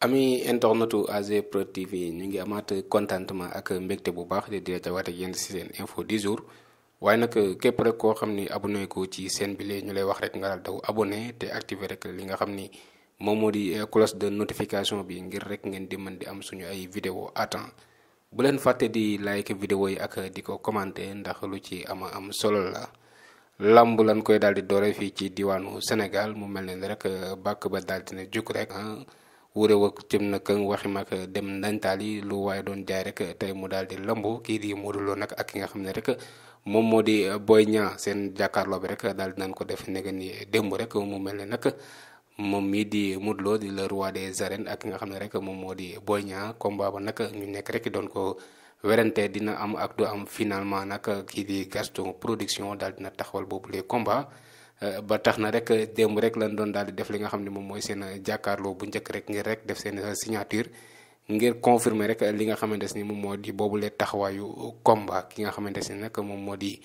ami internetu AG PROD TV ñu ngi amaat contentement ak mbégte bu baax di dee jawaat ak yéen si seen info du jour waaye nag képp rek ko xam ni abonné ko ci seen bile ñu lay wax rek nga daal daw abonné te activé rek li nga xam ni moom moo di eh, cloche de notification bi ngir rek ngeen di mën di am suñu ay video à temps bu leen fàtte di like vidéo yi ak di ko commenter ndax lu ci ama am solo la làmb lan koy daal di doole fii ci diwaanu Sénégal mu mel ne rek eh, bàkk ba daal dina juk rek wuure wak jëm na këng waxi mag eh, dem ndantaali lu waaye doon jaay rek eh, tey mu daal di lamb kii di Modou nag ak ki nga xam ne rek eh, moom moo di Boy ñaa seen jàkkaarloo bi rek daal di nañ ko def nekk ni démb rek mu mel ne nag moom mii di Modou Lo di le roi des arènes ak ki nga xam ne rek moom moo di Boy Niang combat ba nag ñu nekk rek doon ko werante dina am ak am finalement nag kii di Gaston production daal dina taxawal boobu les combat Euh, ba tax na rek démb rek lan doon daal di def li nga xam ne moom mooy seen euh, jàkkaarloo bu njëkk rek ngir rek def seen euh, signature ngir confirmer rek li nga xamante ni moom moo di boobule taxawaayu combat ki nga xamante ne nag moom moo di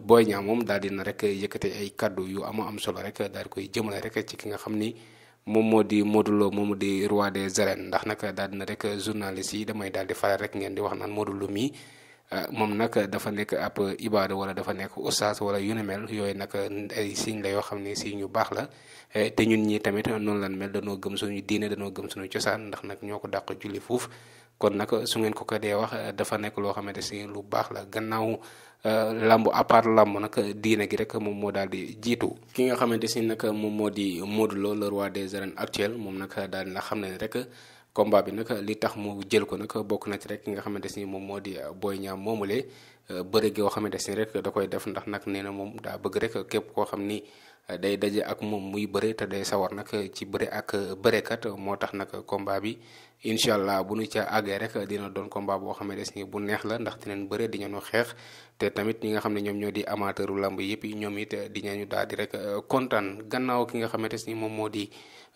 Boy Niang moom daal di na rek yëkkate ay kàddu yu ama am solo rek daal di koy jëmale rek ci ki nga xam ni. moom moo di Modou moom di roi de arènes ndax nag daal na rek journaliste yi damay daal di faral rek ngeen di wax naan Modou mii Euh, moom nag dafa nekk ab ibaada wala dafa nekk ustaas wala yu ni mel yooyu nag ay signe la yoo xam ne signe yu baax la euh, te ñun ñi tamit noonu lan mel danoo gëm suñu diine danoo gëm suñu cosaan ndax nag ñoo ko dàq julli fuuf kon nag su ngeen ko ko dee wax dafa nekk loo xamante si lu baax la gannaaw euh, làmb à part làmb nag diine gi rek moom moo daal di jiitu ki nga xamante si nag moom moo di Modou Lo le roi des arènes actuel moom nag daal dina xam ne rek combat bi nag li tax mu jël ko nag bokk na ci rek ki nga xamante ni moom moo di uh, booy ñaam Niang moomulee uh, bëre goo xamante ni rek da koy def ndax nag nee na moom daa bëgg rek képp koo xam ni. Euh, day daje ak moom muy bëre te day sawar nag ci bëre ak bërekat moo tax nag combat bi incha allah bu ñu ca àggee rek dina doon combat boo xam ne des ni bu neex la ndax di dinañ bëre dinañu xeex te tamit ñi nga xam ne ñoom ñoo di amateuru lamb yëpp ñoom it dinañu daal di rek euh, kontaan gannaaw ki nga xam ne des ni moom moo di.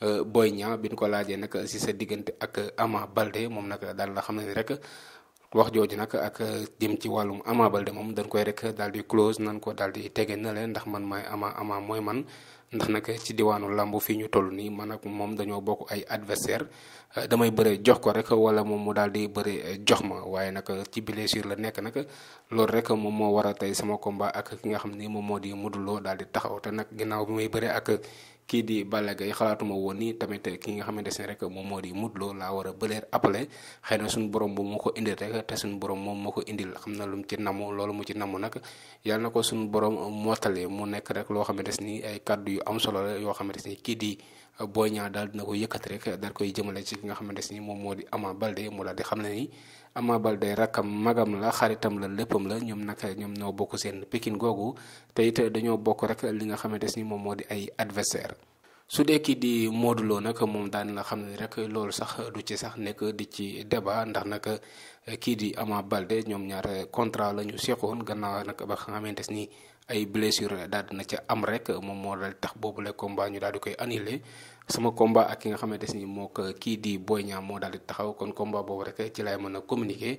Euh, Boy Niang bi ñu ko laajee nag si sa diggante ak Ama Balde moom nag daal la xam ne rek. wax jooju nag ak jëm ci wàllum Ama Baldé moom dan koy rek daal di close nan ko daal di tege na leen ndax man maay ama ama mooy man ndax nag ci diwaanu làmb fii ñu toll nii man ak moom dañoo bokk ay adversaire damay bëre jox ko rek wala moom mu daal di bëre jox ma waaye nag ci blessure la nekk nag loolu rek moom moo war a tey sama combat ak ki nga xam ni moom moo di Modou Lo daal di taxaw te nag ginnaaw bi may bëre ak kii di Balla Gaye xalaatuma woon ni tamit ki nga xamante ne rek moom moo di mut loo laa war a bëleer appelé xëy na suñu borom moom moo ko indil rek te suñu borom moom moo ko indil xam na lu mu ci namu loolu mu ci namu nag yàlla na ko suñu borom moo mootale mu nekk rek loo xamante nii ay kàddu yu am solo la yoo xamante ni kii di. Boy Niang daal dina ko yëkkat rek daal koy jëmale ci ki nga xamante ni moom moo di Ama Baldé mu daal di xam ne ni Ama Baldé rakkam magam la xaritam la léppam la ñoom nag ñoom ñoo bokk seen Pikine googu te it dañoo bokk rek li nga xamante ni moom moo di ay adversaire su dee kii di Modou Lo nag moom daan la xam ne rek loolu sax du ci sax nekk di ci débat ndax nag kii di Ama balde ñoom ñaar contrat lañu ñu seqoon gannaaw nag ba nga xamante nii ay blessure daal dina ca am rek moom moo dal tax boobu le combat ñu daal di koy annulé sama combat ak ki nga xamante ni moo ko kii di Boy Niang moo daal di taxaw kon combat boobu rek ci laay mën a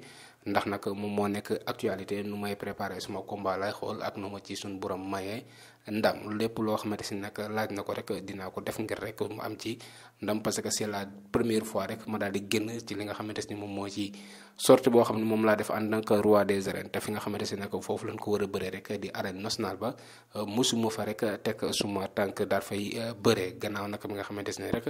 ndax nag moom moo nekk actualité nu may préparé suma combat lay xool ak nu ma ci suñu borom mayee ndam lépp loo xamante ni nag laaj na ko rek dinaa ko def ngir rek mu am ci ndam parce que c'est la première fois rek ma daal di génn li nga xamante ni moom moo ci sortie boo xam ne moom laa def en tant que roi des arènes te fi nga xamante ni foofu lañ ko war a bëree rek di arène nationale ba euh, suma fa rek euh, teg suma tànk daal fay euh, bëree gannaaw nag mi nga xamante ne rek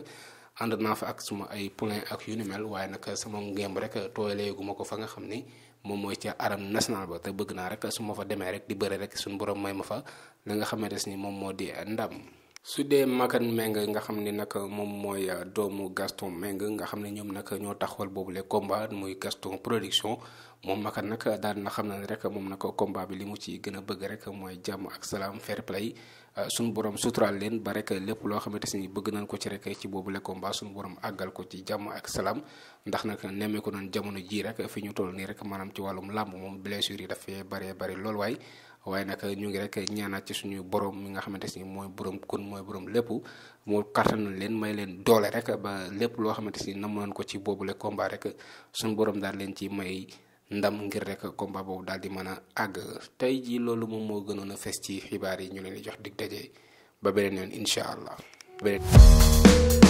ànd naa fa ak suma ay poulain ak yu ni mel waaye nag sama ngémb rek tooyaleegu ma ko fa nga xam ni moom mooy ca aram national ba te bëgg naa rek su ma fa demee rek di bëre rek suñu borom may ma fa li nga xamante ni moom moo di ndam. su dee Makane Mbengue nga xam ne nag moom mooy euh, doomu Gaston Mbengue nga xam ne ñoom nag ñoo tax boobu boobule combat muy Gaston production moom Makane nag daal na xam na ne rek moom nag combat bi li mu ci gën a bëgg rek mooy jàmm ak salaam fair play euh, suñu borom suturaal leen ba lépp loo xamante ni bëgg nañ ko ci rek ci boobule combat suñu borom àggal ko ci jàmm ak salaam ndax nag nemmeeku nañ jamono jii rek fi ñu toll nii rek maanaam ci wàllum làmb moom blessure yi dafay baree bari loolu waaye. waaye nag ñu ngi rek ñaanaat ci suñu borom mi nga xamante si mooy borom kun mooy borom lépp moo kàttanal leen may leen doole rek ba lépp loo xamante si namu nañ ko ci boobule combat rek suñu boroom daal leen ci may ndam ngir rek combat boobu daal di mën a àgg tey jii loolu moom moo gënoon a fes ci xibaar yi ñu leen di jox dig daje ba beneen yoon incha allah.